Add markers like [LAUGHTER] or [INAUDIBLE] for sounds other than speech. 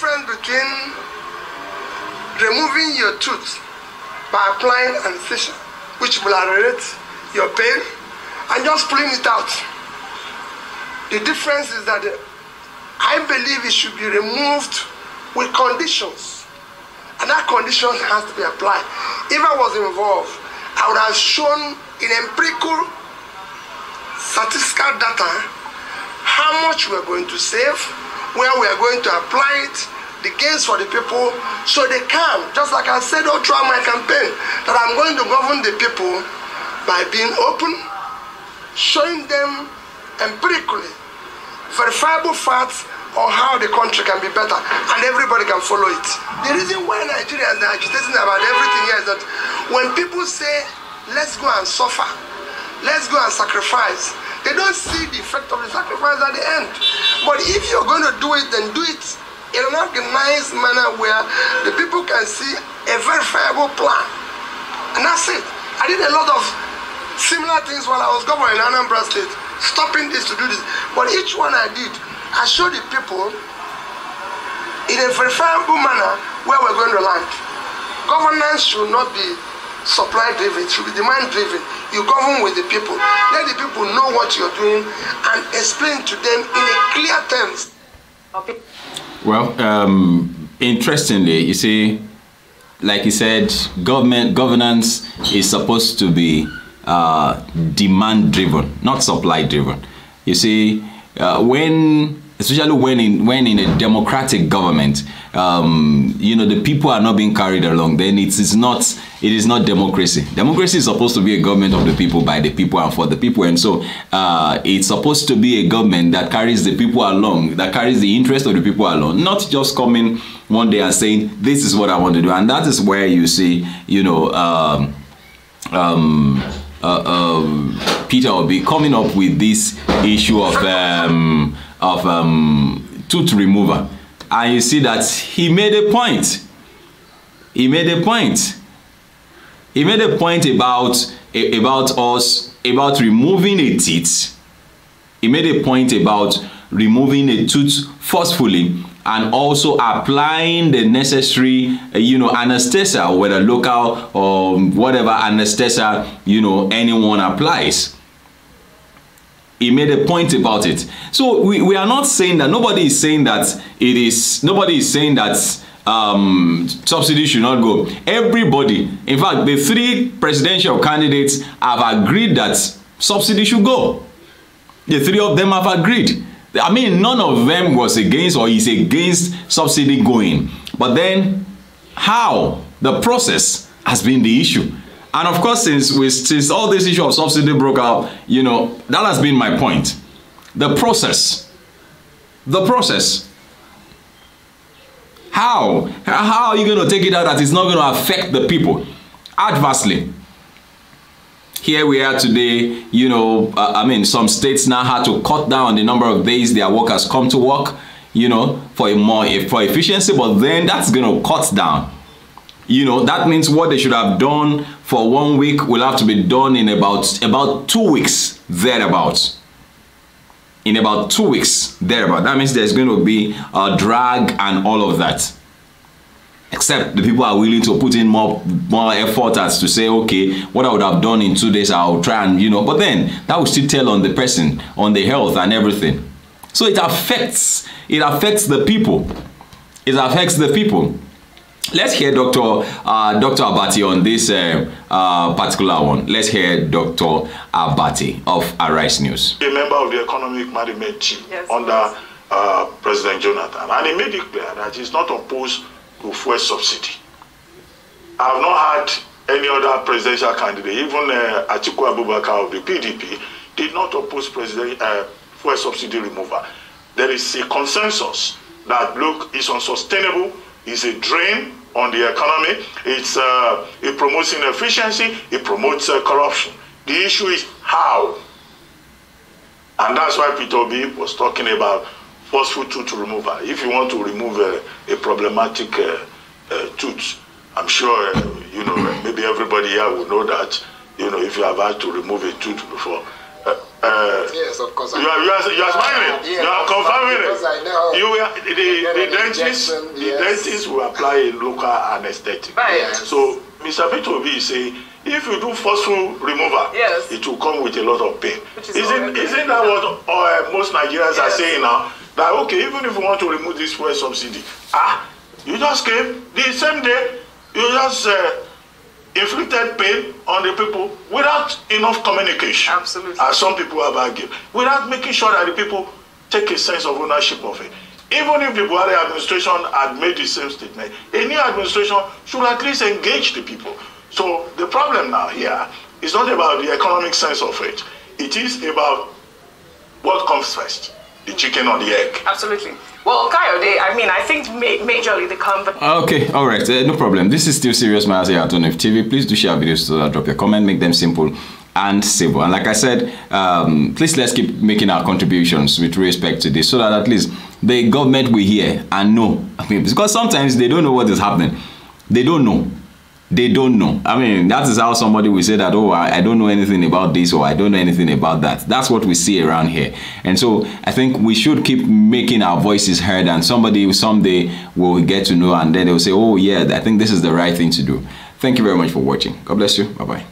difference between removing your tooth by applying anesthesia, which will alleviate your pain, and just pulling it out. The difference is that I believe it should be removed with conditions, and that condition has to be applied. If I was involved, I would have shown in empirical statistical data how much we are going to save where we are going to apply it the gains for the people so they come just like i said all throughout my campaign that i'm going to govern the people by being open showing them empirically verifiable facts on how the country can be better and everybody can follow it the reason why nigerians are agitating about everything here is that when people say let's go and suffer let's go and sacrifice They don't see the effect of the sacrifice at the end. But if you're going to do it, then do it in an organized manner where the people can see a verifiable plan. And that's it. I did a lot of similar things while I was governor in Anambra State, stopping this to do this. But each one I did, I showed the people in a verifiable manner where we're going to land. Governance should not be supply driven, it should be demand driven. You govern with the people. Let the people know what you're doing and explain to them in a clear terms. Okay. Well, um, interestingly, you see, like you said, government governance is supposed to be uh, demand driven, not supply driven. You see, uh, when especially when in when in a democratic government, um, you know the people are not being carried along. Then it is not it is not democracy. Democracy is supposed to be a government of the people, by the people, and for the people. And so uh, it's supposed to be a government that carries the people along, that carries the interest of the people along, not just coming one day and saying this is what I want to do. And that is where you see, you know. Um, um, uh, uh Peter will be coming up with this issue of um, of um, tooth remover. And you see that he made a point. He made a point. He made a point about, about us, about removing a teeth. He made a point about removing a tooth forcefully and also applying the necessary you know anesthesia whether local or whatever anesthesia you know anyone applies he made a point about it so we, we are not saying that nobody is saying that it is nobody is saying that um, subsidy should not go everybody in fact the three presidential candidates have agreed that subsidy should go the three of them have agreed i mean none of them was against or is against subsidy going but then how the process has been the issue and of course, since we, since all this issue of subsidy broke out, you know, that has been my point. The process, the process. How? How are you going to take it out that it's not going to affect the people adversely? Here we are today, you know, uh, I mean, some states now had to cut down the number of days their workers come to work, you know, for a more for efficiency, but then that's going to cut down you know that means what they should have done for one week will have to be done in about about two weeks thereabouts in about two weeks thereabouts, that means there's going to be a drag and all of that except the people are willing to put in more more effort as to say okay what i would have done in two days i'll try and you know but then that will still tell on the person on the health and everything so it affects it affects the people it affects the people Let's hear Dr. Uh, Dr. Abati on this uh, uh, particular one. Let's hear Dr. Abati of Arise News. A member of the Economic Management Team yes, under yes. Uh, president Jonathan, and he made it clear that he is not opposed to fuel subsidy. I have not heard any other presidential candidate, even uh, Atiku Abubakar of the PDP, did not oppose president uh, fuel subsidy removal. There is a consensus that look, is unsustainable, is a drain on the economy. It's, uh, it promotes inefficiency. It promotes uh, corruption. The issue is how. And that's why Peter B was talking about forceful tooth removal. If you want to remove a, uh, a problematic uh, uh, tooth, I'm sure, uh, you know, maybe everybody here will know that, you know, if you have had to remove a tooth before, Uh, uh, yes, of course. You are, you are, you are smiling. Yeah, you are confirming it. You are, the, the, the yes. the dentist will apply a local anesthetic. Yes. So Mr. B, is saying, if you do forceful removal, yes. it will come with a lot of pain. is isn't isn't that what uh, most Nigerians yes. are saying now? That okay, even if you want to remove this fuel subsidy, ah, you just came the same day, you just. Uh, inflicted pain on the people without enough communication. Absolutely. As some people have argued, without making sure that the people take a sense of ownership of it. Even if the Buhari administration had made the same statement, a new administration should at least engage the people. So the problem now here is not about the economic sense of it. It is about what comes first. the chicken or the egg. Absolutely. Well, Coyote, I mean, I think ma majorly the conversation. Okay, all right, uh, no problem. This is still Serious Matters here at ONF TV. Please do share videos so that drop your comment, make them simple and civil. And like I said, um, please let's keep making our contributions with respect to this so that at least the government will hear and know. I [LAUGHS] mean, because sometimes they don't know what is happening. They don't know they don't know. I mean, that is how somebody will say that, oh, I, I, don't know anything about this or I don't know anything about that. That's what we see around here. And so I think we should keep making our voices heard and somebody someday will get to know and then they'll say, oh, yeah, I think this is the right thing to do. Thank you very much for watching. God bless you. Bye-bye.